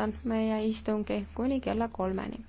lõpetan meie istungi kuni kella kolmeni.